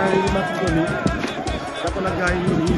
gars yi ñu màcc ko nii jàpp na gars yi ñu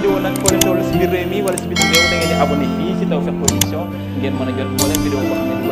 vidéo nag foo wala si biir réew da ngeen a jot moo leen